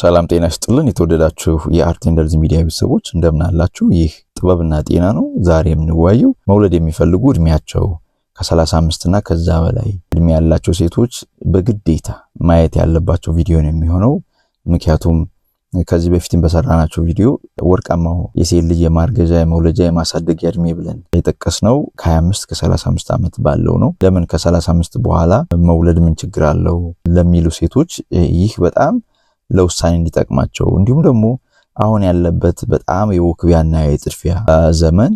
ሰላም ጤና ይስጥልን። የተወደዳችሁ የአርት የአርቴንደርዝ ሚዲያ ቤተሰቦች እንደምን አላችሁ? ይህ ጥበብና ጤና ነው። ዛሬ የምንወያየው መውለድ የሚፈልጉ እድሜያቸው ከ35 እና ከዛ በላይ እድሜ ያላቸው ሴቶች በግዴታ ማየት ያለባቸው ቪዲዮ ነው የሚሆነው። ምክንያቱም ከዚህ በፊትም በሰራናቸው ቪዲዮ ወርቃማው የሴት ልጅ የማርገዣ የመውለጃ የማሳደጊያ እድሜ ብለን የጠቀስነው ከ25 እስከ 35 ዓመት ባለው ነው። ለምን ከ35 በኋላ መውለድ ምን ችግር አለው ለሚሉ ሴቶች ይህ በጣም ለውሳኔ እንዲጠቅማቸው እንዲሁም ደግሞ አሁን ያለበት በጣም የወክቢያና የጥድፊያ ዘመን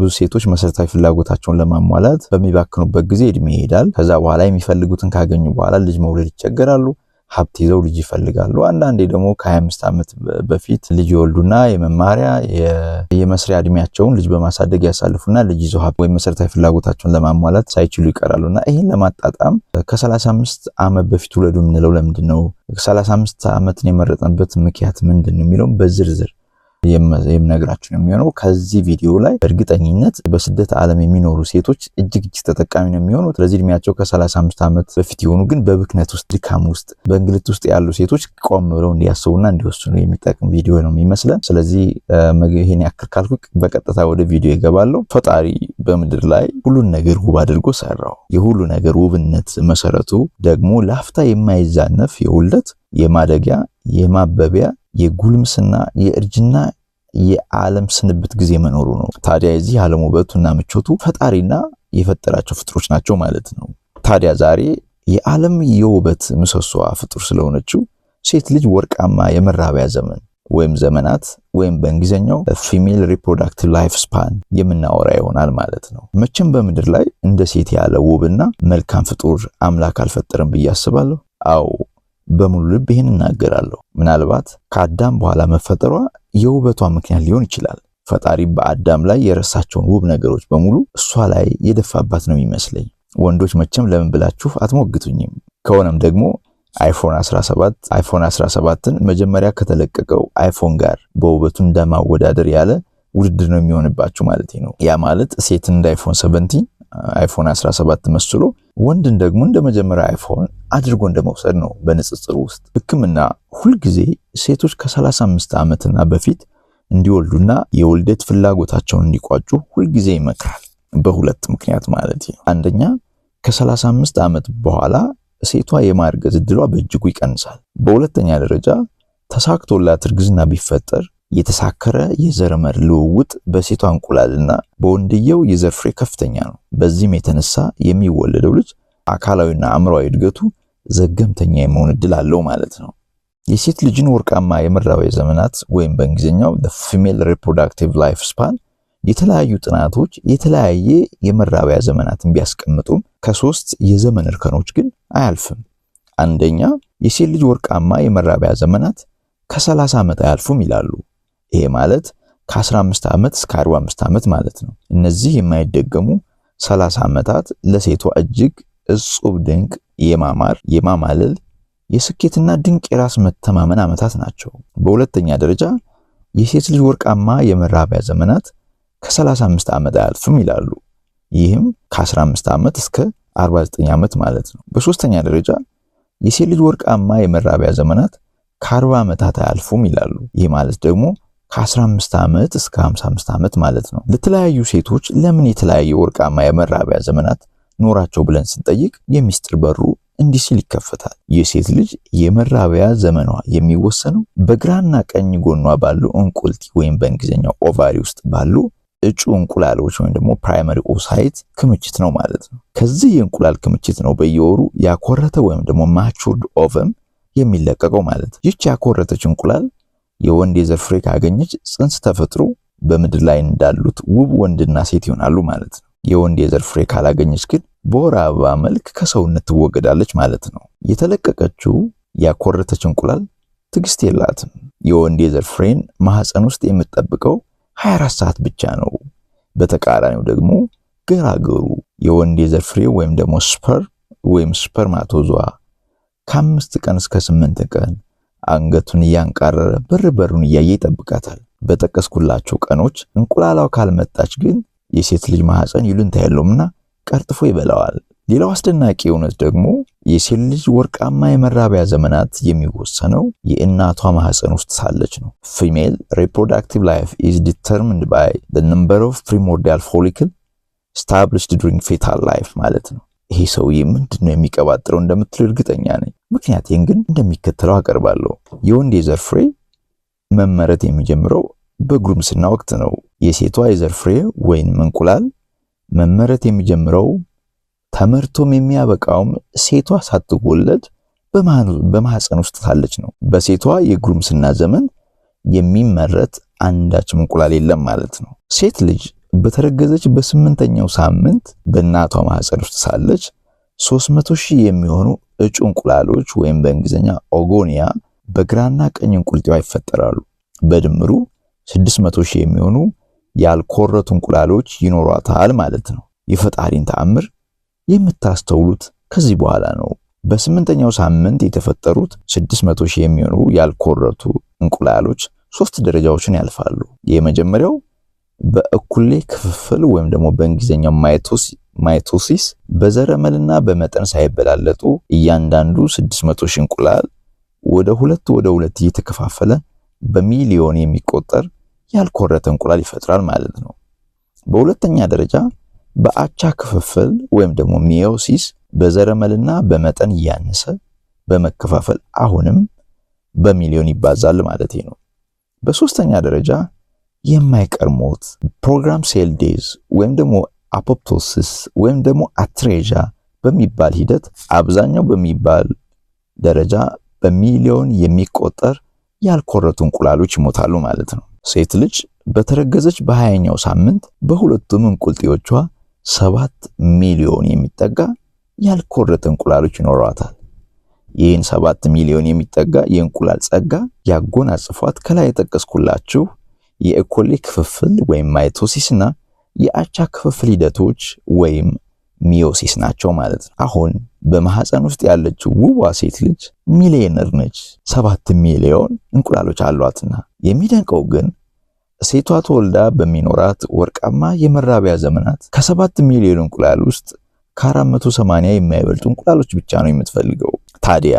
ብዙ ሴቶች መሰረታዊ ፍላጎታቸውን ለማሟላት በሚባክኑበት ጊዜ እድሜ ይሄዳል። ከዛ በኋላ የሚፈልጉትን ካገኙ በኋላ ልጅ መውለድ ይቸገራሉ። ሀብት ይዘው ልጅ ይፈልጋሉ። አንዳንዴ ደግሞ ከ25 ዓመት በፊት ልጅ ይወልዱና የመማሪያ የመስሪያ እድሜያቸውን ልጅ በማሳደግ ያሳልፉና ልጅ ይዘው ሀብት ወይም መሰረታዊ ፍላጎታቸውን ለማሟላት ሳይችሉ ይቀራሉና ይህን ለማጣጣም ከ35 ዓመት በፊት ውለዱ የምንለው ለምንድን ነው? 35 ዓመትን የመረጠንበት ምክንያት ምንድን ነው የሚለውም በዝርዝር የምነግራችሁ ነው የሚሆነው። ከዚህ ቪዲዮ ላይ በእርግጠኝነት በስደት ዓለም የሚኖሩ ሴቶች እጅግ እጅግ ተጠቃሚ ነው የሚሆኑት። ስለዚህ እድሜያቸው ከ35 ዓመት በፊት የሆኑ ግን በብክነት ውስጥ፣ ድካም ውስጥ፣ በእንግልት ውስጥ ያሉ ሴቶች ቆም ብለው እንዲያስቡና እንዲወስኑ የሚጠቅም ቪዲዮ ነው የሚመስለን። ስለዚህ ይህን ያክል ካልኩ በቀጥታ ወደ ቪዲዮ ይገባለሁ። ፈጣሪ በምድር ላይ ሁሉን ነገር ውብ አድርጎ ሰራው። የሁሉ ነገር ውብነት መሰረቱ ደግሞ ላፍታ የማይዛነፍ የውልደት የማደጊያ የማበቢያ የጉልምስና የእርጅና የዓለም ስንብት ጊዜ መኖሩ ነው። ታዲያ የዚህ ዓለም እና ምቾቱ ፈጣሪና የፈጠራቸው ፍጥሮች ናቸው ማለት ነው። ታዲያ ዛሬ የዓለም የውበት ምሰሷ ፍጡር ስለሆነችው ሴት ልጅ ወርቃማ የመራቢያ ዘመን ወይም ዘመናት ወይም በእንግሊዝኛው ፊሜል ሪፕሮዳክቲቭ ላይፍ ስፓን የምናወራ ይሆናል ማለት ነው። መቼም በምድር ላይ እንደ ሴት ያለ ውብና መልካም ፍጡር አምላክ አልፈጠረም ብዬ አስባለሁ። አዎ በሙሉ ልብ ይህን እናገራለሁ። ምናልባት ከአዳም በኋላ መፈጠሯ የውበቷ ምክንያት ሊሆን ይችላል። ፈጣሪ በአዳም ላይ የረሳቸውን ውብ ነገሮች በሙሉ እሷ ላይ የደፋባት ነው የሚመስለኝ። ወንዶች መቼም ለምን ብላችሁ አትሞግቱኝም። ከሆነም ደግሞ አይፎን 17 አይፎን 17ን መጀመሪያ ከተለቀቀው አይፎን ጋር በውበቱ እንደማወዳደር ያለ ውድድር ነው የሚሆንባችሁ ማለት ነው። ያ ማለት ሴትን እንደ አይፎን 17 አይፎን 17 መስሎ ወንድን ደግሞ እንደ መጀመሪያ አይፎን አድርጎ እንደመውሰድ ነው። በንጽጽር ውስጥ ሕክምና ሁልጊዜ ሴቶች ከ35 ዓመትና በፊት እንዲወልዱና የውልደት ፍላጎታቸውን እንዲቋጩ ሁልጊዜ ይመክራል። በሁለት ምክንያት ማለት ነው። አንደኛ ከ35 ዓመት በኋላ ሴቷ የማርገዝ እድሏ በእጅጉ ይቀንሳል። በሁለተኛ ደረጃ ተሳክቶላት እርግዝና ቢፈጠር የተሳከረ የዘርመር ልውውጥ በሴቷ እንቁላልና በወንድየው የዘር ፍሬ ከፍተኛ ነው። በዚህም የተነሳ የሚወለደው ልጅ አካላዊና አእምሯዊ እድገቱ ዘገምተኛ የመሆን እድል አለው ማለት ነው። የሴት ልጅን ወርቃማ የመራቢያ ዘመናት ወይም በእንግሊዝኛው ፊሜል ሪፕሮዳክቲቭ ላይፍ ስፓን የተለያዩ ጥናቶች የተለያየ የመራቢያ ዘመናትን ቢያስቀምጡም ከሶስት የዘመን እርከኖች ግን አያልፍም። አንደኛ የሴት ልጅ ወርቃማ የመራቢያ ዘመናት ከ30 ዓመት አያልፉም ይላሉ። ይሄ ማለት ከ15 ዓመት እስከ 45 ዓመት ማለት ነው። እነዚህ የማይደገሙ 30 ዓመታት ለሴቷ እጅግ እጹብ ድንቅ የማማር የማማለል የስኬትና ድንቅ የራስ መተማመን ዓመታት ናቸው። በሁለተኛ ደረጃ የሴት ልጅ ወርቃማ የመራቢያ ዘመናት ከ35 ዓመት አያልፍም ይላሉ። ይህም ከ15 ዓመት እስከ 49 ዓመት ማለት ነው። በሶስተኛ ደረጃ የሴት ልጅ ወርቃማ የመራቢያ ዘመናት ከ40 ዓመታት አያልፉም ይላሉ። ይህ ማለት ደግሞ ከ15 ዓመት እስከ 55 ዓመት ማለት ነው። ለተለያዩ ሴቶች ለምን የተለያየ ወርቃማ የመራቢያ ዘመናት ኖራቸው ብለን ስንጠይቅ የሚስጥር በሩ እንዲህ ሲል ይከፈታል። የሴት ልጅ የመራቢያ ዘመኗ የሚወሰነው በግራና ቀኝ ጎኗ ባሉ እንቁልቲ ወይም በእንግሊዝኛው ኦቫሪ ውስጥ ባሉ እጩ እንቁላሎች ወይም ደግሞ ፕራይመሪ ኦሳይት ክምችት ነው ማለት ነው። ከዚህ የእንቁላል ክምችት ነው በየወሩ ያኮረተ ወይም ደግሞ ማቹርድ ኦቨም የሚለቀቀው ማለት ነው። ይች ያኮረተች እንቁላል የወንድ የዘር ፍሬ ካገኘች ጽንስ ተፈጥሮ በምድር ላይ እንዳሉት ውብ ወንድና ሴት ይሆናሉ ማለት ነው። የወንድ የዘር ፍሬ ካላገኘች ግን በወር አበባ መልክ ከሰውነት ትወገዳለች ማለት ነው። የተለቀቀችው ያኮረተች እንቁላል ትግስት የላትም። የወንድ የዘር ፍሬን ማህፀን ውስጥ የምትጠብቀው 24 ሰዓት ብቻ ነው። በተቃራኒው ደግሞ ገራገሩ የወንድ የዘር ፍሬ ወይም ደግሞ ስፐር ወይም ስፐርማቶዟ ከአምስት ቀን እስከ ስምንት ቀን አንገቱን እያንቃረረ በር በሩን እያየ ይጠብቃታል። በጠቀስኩላቸው ቀኖች እንቁላላው ካልመጣች ግን የሴት ልጅ ማህፀን ይሉንታ የለውምና ቀርጥፎ ይበላዋል። ሌላው አስደናቂ እውነት ደግሞ የሴት ልጅ ወርቃማ የመራቢያ ዘመናት የሚወሰነው የእናቷ ማህፀን ውስጥ ሳለች ነው። ፊሜል ሪፕሮዳክቲቭ ላይፍ ኢዝ ዲተርሚንድ ባይ ዘ ነምበር ኦፍ ፕሪሞርዲያል ፎሊክል ስታብሊሽድ ዱሪንግ ፌታል ላይፍ ማለት ነው። ይሄ ሰውዬ ምንድን ነው የሚቀባጥረው እንደምትል እርግጠኛ ነኝ። ምክንያቴን ግን እንደሚከተለው አቀርባለሁ። የወንድ የዘር ፍሬ መመረት የሚጀምረው በጉርምስና ወቅት ነው። የሴቷ የዘር ፍሬ ወይም እንቁላል መመረት የሚጀምረው ተመርቶም የሚያበቃውም ሴቷ ሳትወለድ በማህፀን ውስጥ ሳለች ነው። በሴቷ የጉርምስና ዘመን የሚመረት አንዳችም እንቁላል የለም ማለት ነው። ሴት ልጅ በተረገዘች በስምንተኛው ሳምንት በእናቷ ማህፀን ውስጥ ሳለች 300 ሺህ የሚሆኑ እጩ እንቁላሎች ወይም በእንግሊዝኛ ኦጎኒያ በግራና ቀኝ እንቁልጤዋ ይፈጠራሉ። በድምሩ 600 የሚሆኑ ያልኮረቱ እንቁላሎች ይኖሯታል ማለት ነው። የፈጣሪን ተአምር የምታስተውሉት ከዚህ በኋላ ነው። በስምንተኛው ሳምንት የተፈጠሩት 600 የሚሆኑ ያልኮረቱ እንቁላሎች ሶስት ደረጃዎችን ያልፋሉ። የመጀመሪያው በእኩሌ ክፍፍል ወይም ደግሞ በእንግሊዝኛው ማይቶስ ማይቶሲስ በዘረመልና በመጠን ሳይበላለጡ እያንዳንዱ 600 ሺህ እንቁላል ወደ ሁለት ወደ ሁለት እየተከፋፈለ በሚሊዮን የሚቆጠር ያልኮረተ እንቁላል ይፈጥራል ማለት ነው። በሁለተኛ ደረጃ በአቻ ክፍፍል ወይም ደግሞ ሚዮሲስ በዘረመልና በመጠን እያነሰ በመከፋፈል አሁንም በሚሊዮን ይባዛል ማለት ነው። በሶስተኛ ደረጃ የማይቀር ሞት ፕሮግራም ሴል ዴዝ ወይም ደግሞ አፖፕቶሲስ ወይም ደግሞ አትሬዣ በሚባል ሂደት አብዛኛው በሚባል ደረጃ በሚሊዮን የሚቆጠር ያልኮረቱ እንቁላሎች ይሞታሉ ማለት ነው። ሴት ልጅ በተረገዘች በሃያኛው ሳምንት በሁለቱም እንቁልጤዎቿ ሰባት ሚሊዮን የሚጠጋ ያልኮረተ እንቁላሎች ይኖሯታል። ይህን ሰባት ሚሊዮን የሚጠጋ የእንቁላል ጸጋ ያጎናጽፏት ከላይ የጠቀስኩላችሁ የኢኮሌ ክፍፍል ወይም ማይቶሲስና የአቻ ክፍፍል ሂደቶች ወይም ሚዮሲስ ናቸው ማለት ነው። አሁን በማህፀን ውስጥ ያለች ውቧ ሴት ልጅ ሚሊዮነር ነች፣ ሰባት ሚሊዮን እንቁላሎች አሏትና። የሚደንቀው ግን ሴቷ ተወልዳ በሚኖራት ወርቃማ የመራቢያ ዘመናት ከሰባት ሚሊዮን እንቁላል ውስጥ ከ480 የማይበልጡ እንቁላሎች ብቻ ነው የምትፈልገው። ታዲያ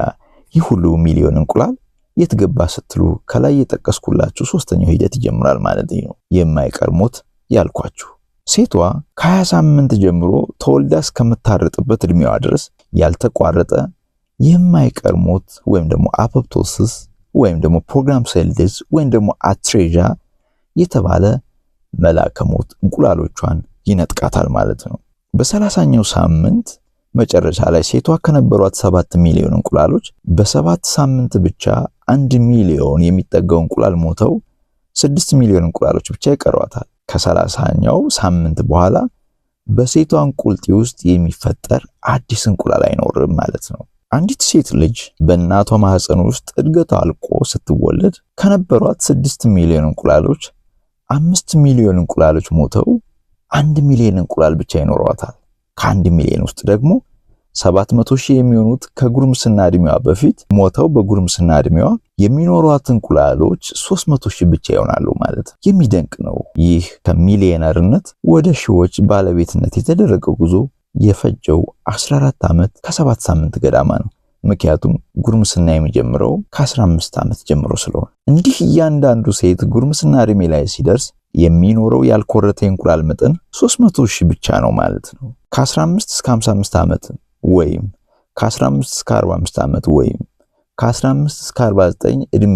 ይህ ሁሉ ሚሊዮን እንቁላል የት ገባ ስትሉ ከላይ የጠቀስኩላችሁ ሶስተኛው ሂደት ይጀምራል ማለት ነው። የማይቀር ሞት ያልኳችሁ ሴቷ ከ ሳምንት ጀምሮ ተወልዳ እስከምታረጥበት እድሜዋ ድረስ ያልተቋረጠ የማይቀር ሞት ወይም ደግሞ አፖፕቶሲስ ወይም ደግሞ ፕሮግራም ሴል ወይም ደግሞ አትሬዣ የተባለ መላከሞት ሞት እንቁላሎቿን ይነጥቃታል ማለት ነው። በሰላሳኛው ሳምንት መጨረሻ ላይ ሴቷ ከነበሯት ሰባት ሚሊዮን እንቁላሎች በሰባት ሳምንት ብቻ አንድ ሚሊዮን የሚጠጋው እንቁላል ሞተው ስድስት ሚሊዮን እንቁላሎች ብቻ ይቀሯታል። ከሰላሳኛው ሳምንት በኋላ በሴቷ እንቁልጢ ውስጥ የሚፈጠር አዲስ እንቁላል አይኖርም ማለት ነው። አንዲት ሴት ልጅ በእናቷ ማህፀን ውስጥ እድገቷ አልቆ ስትወለድ ከነበሯት ስድስት ሚሊዮን እንቁላሎች አምስት ሚሊዮን እንቁላሎች ሞተው አንድ ሚሊዮን እንቁላል ብቻ ይኖረዋታል። ከአንድ ሚሊዮን ውስጥ ደግሞ 700 ሺህ የሚሆኑት ከጉርምስና እድሜዋ በፊት ሞተው በጉርምስና እድሜዋ የሚኖሯት እንቁላሎች 300 ሺህ ብቻ ይሆናሉ ማለት ነው። የሚደንቅ ነው። ይህ ከሚሊዮነርነት ወደ ሺዎች ባለቤትነት የተደረገው ጉዞ የፈጀው 14 ዓመት ከ7 ሳምንት ገዳማ ነው። ምክንያቱም ጉርምስና የሚጀምረው ከ15 ዓመት ጀምሮ ስለሆነ እንዲህ እያንዳንዱ ሴት ጉርምስና እድሜ ላይ ሲደርስ የሚኖረው ያልኮረተ እንቁላል መጠን 300 ሺህ ብቻ ነው ማለት ነው። ከ15 እስከ 55 ዓመት ወይም ከ15 እስከ 45 ዓመት ወይም ከ15 እስከ 49 እድሜ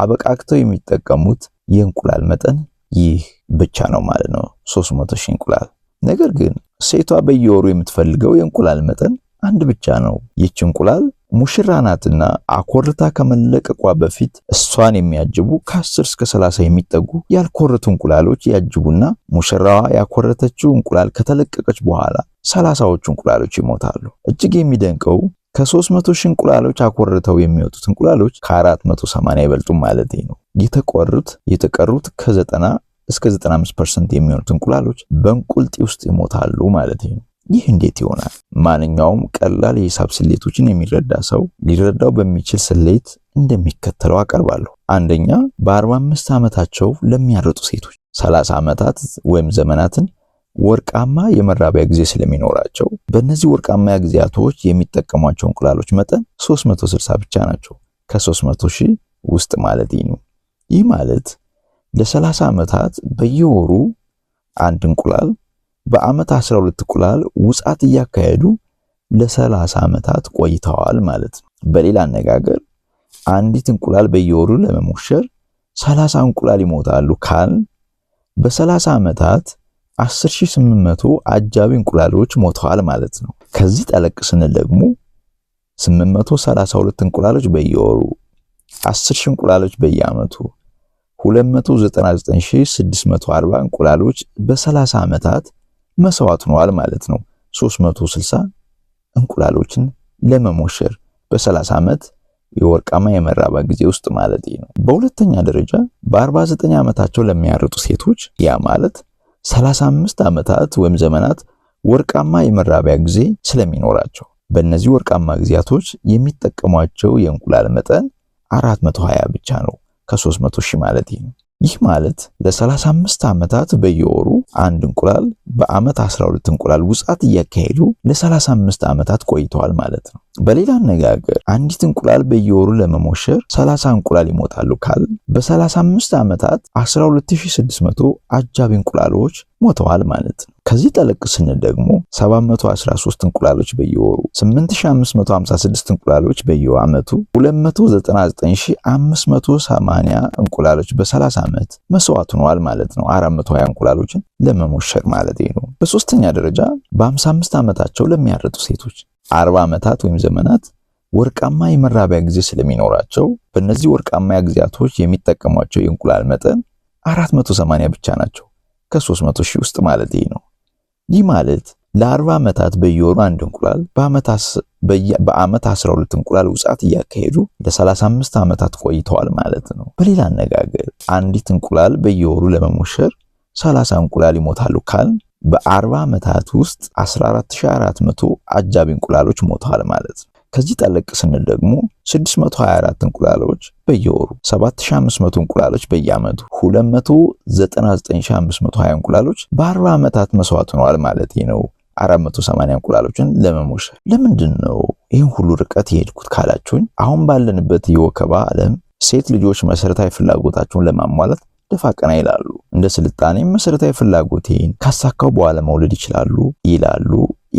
አበቃክተው የሚጠቀሙት የእንቁላል መጠን ይህ ብቻ ነው ማለት ነው 300 ሺህ እንቁላል። ነገር ግን ሴቷ በየወሩ የምትፈልገው የእንቁላል መጠን አንድ ብቻ ነው። ይህች እንቁላል ሙሽራ ናትና አኮርታ ከመለቀቋ በፊት እሷን የሚያጅቡ ከ10 እስከ 30 የሚጠጉ ያልኮረቱ እንቁላሎች ያጅቡና ሙሽራዋ ያኮረተችው እንቁላል ከተለቀቀች በኋላ ሰላሳዎቹ እንቁላሎች ይሞታሉ። እጅግ የሚደንቀው ከ300 ሺህ እንቁላሎች አኮርተው የሚወጡት እንቁላሎች ከ480 ይበልጡ ማለት ነው። የተቆሩት የተቀሩት ከ90 እስከ 95% የሚሆኑት እንቁላሎች በእንቁልጢ ውስጥ ይሞታሉ ማለት ነው። ይህ እንዴት ይሆናል? ማንኛውም ቀላል የሂሳብ ስሌቶችን የሚረዳ ሰው ሊረዳው በሚችል ስሌት እንደሚከተለው አቀርባለሁ። አንደኛ በ45 ዓመታቸው ለሚያረጡ ሴቶች 30 ዓመታት ወይም ዘመናትን ወርቃማ የመራቢያ ጊዜ ስለሚኖራቸው በእነዚህ ወርቃማ ጊዜያቶች የሚጠቀሟቸው እንቁላሎች መጠን 360 ብቻ ናቸው። ከ300 ሺህ ውስጥ ማለት ነው። ይህ ማለት ለ30 ዓመታት በየወሩ አንድ እንቁላል በአመት 12 እንቁላል ውጻት እያካሄዱ ለ30 ዓመታት ቆይተዋል ማለት ነው። በሌላ አነጋገር አንዲት እንቁላል በየወሩ ለመሞሸር 30 እንቁላል ይሞታሉ ካል በ30 ዓመታት 10800 አጃቢ እንቁላሎች ሞተዋል ማለት ነው። ከዚህ ጠለቅ ስንል ደግሞ 832 እንቁላሎች በየወሩ 10 ሺህ እንቁላሎች በየአመቱ 299640 እንቁላሎች በ30 ዓመታት መስዋዕት ሆነዋል ማለት ነው። 360 እንቁላሎችን ለመሞሸር በ30 ዓመት የወርቃማ የመራባ ጊዜ ውስጥ ማለት ነው። በሁለተኛ ደረጃ በ49 ዓመታቸው ለሚያርጡ ሴቶች ያ ማለት 35 ዓመታት ወይም ዘመናት ወርቃማ የመራቢያ ጊዜ ስለሚኖራቸው በእነዚህ ወርቃማ ጊዜያቶች የሚጠቀሟቸው የእንቁላል መጠን 420 ብቻ ነው። ከ300 ሺህ ማለት ነው። ይህ ማለት ለ35 ዓመታት በየወሩ አንድ እንቁላል በአመት 12 እንቁላል ውጻት እያካሄዱ ለ35 ዓመታት ቆይተዋል ማለት ነው። በሌላ አነጋገር አንዲት እንቁላል በየወሩ ለመሞሸር 30 እንቁላል ይሞጣሉ ካል በ35 ዓመታት 12600 አጃቢ እንቁላሎች ሞተዋል ማለት ነው። ከዚህ ጠለቅ ስንል ደግሞ 713 እንቁላሎች በየወሩ 8556 እንቁላሎች በየዓመቱ 299580 እንቁላሎች በ30 ዓመት መስዋዕት ሆነዋል ማለት ነው። 420 እንቁላሎችን ለመሞሸር ማለት ነው። በሶስተኛ ደረጃ በ55 ዓመታቸው ለሚያረጡ ሴቶች 40 ዓመታት ወይም ዘመናት ወርቃማ የመራቢያ ጊዜ ስለሚኖራቸው በእነዚህ ወርቃማ ጊዜያቶች የሚጠቀሟቸው የእንቁላል መጠን 480 ብቻ ናቸው። ከ300 ሺህ ውስጥ ማለት ነው። ይህ ማለት ለ40 ዓመታት በየወሩ አንድ እንቁላል በዓመት 12 እንቁላል ውጻት እያካሄዱ ለ35 ዓመታት ቆይተዋል ማለት ነው። በሌላ አነጋገር አንዲት እንቁላል በየወሩ ለመሞሸር 30 እንቁላል ይሞታሉ ካል በ40 ዓመታት ውስጥ 14400 አጃቢ እንቁላሎች ሞተዋል ማለት ነው። ከዚህ ጠለቅ ስንል ደግሞ 624 እንቁላሎች በየወሩ 7500 እንቁላሎች በየአመቱ 299520 እንቁላሎች በ40 ዓመታት መስዋዕት ሆነዋል ማለት ነው። 480 እንቁላሎችን ለመሞሸ ለምንድን ነው ይህን ሁሉ ርቀት የሄድኩት ካላችሁኝ፣ አሁን ባለንበት የወከባ ዓለም ሴት ልጆች መሰረታዊ ፍላጎታቸውን ለማሟላት ደፋ ቀና ይላሉ። እንደ ስልጣኔም መሰረታዊ ፍላጎቴን ካሳካው በኋላ መውለድ ይችላሉ ይላሉ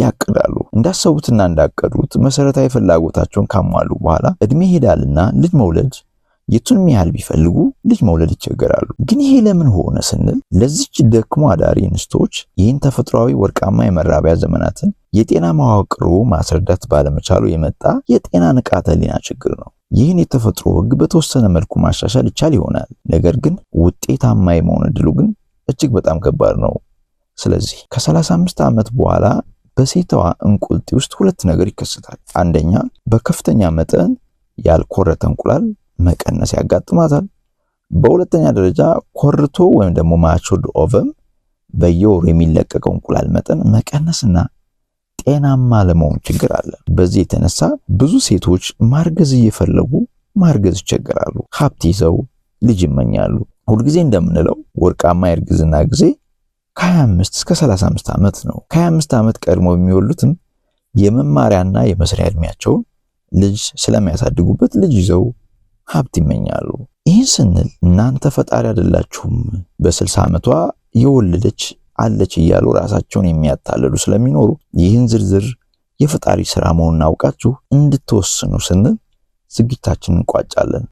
ያቅዳሉ። እንዳሰቡትና እንዳቀዱት መሰረታዊ ፍላጎታቸውን ካሟሉ በኋላ እድሜ ይሄዳልና ልጅ መውለድ የቱንም ያህል ቢፈልጉ ልጅ መውለድ ይቸገራሉ። ግን ይሄ ለምን ሆነ ስንል ለዚች ደክሞ አዳሪ እንስቶች ይህን ተፈጥሯዊ ወርቃማ የመራቢያ ዘመናትን የጤና መዋቅሩ ማስረዳት ባለመቻሉ የመጣ የጤና ንቃተ ህሊና ችግር ነው። ይህን የተፈጥሮ ህግ በተወሰነ መልኩ ማሻሻል ይቻል ይሆናል። ነገር ግን ውጤታማ የመሆን እድሉ ግን እጅግ በጣም ከባድ ነው። ስለዚህ ከ35 ዓመት በኋላ በሴቷ እንቁልጢ ውስጥ ሁለት ነገር ይከሰታል። አንደኛ በከፍተኛ መጠን ያልኮረተ እንቁላል መቀነስ ያጋጥማታል። በሁለተኛ ደረጃ ኮርቶ ወይም ደግሞ ማቹርድ ኦቨም በየወሩ የሚለቀቀው እንቁላል መጠን መቀነስና ጤናማ ለመሆን ችግር አለ። በዚህ የተነሳ ብዙ ሴቶች ማርገዝ እየፈለጉ ማርገዝ ይቸገራሉ። ሀብት ይዘው ልጅ ይመኛሉ። ሁልጊዜ እንደምንለው ወርቃማ የእርግዝና ጊዜ ከ25 እስከ 35 ዓመት ነው። ከ25 ዓመት ቀድሞ የሚወሉትም የመማሪያና የመስሪያ እድሜያቸውን ልጅ ስለሚያሳድጉበት ልጅ ይዘው ሀብት ይመኛሉ። ይህን ስንል እናንተ ፈጣሪ አይደላችሁም፣ በ60 ዓመቷ የወለደች አለች እያሉ ራሳቸውን የሚያታለሉ ስለሚኖሩ ይህን ዝርዝር የፈጣሪ ስራ መሆኑን አውቃችሁ እንድትወስኑ ስንል ዝግጅታችንን እንቋጫለን።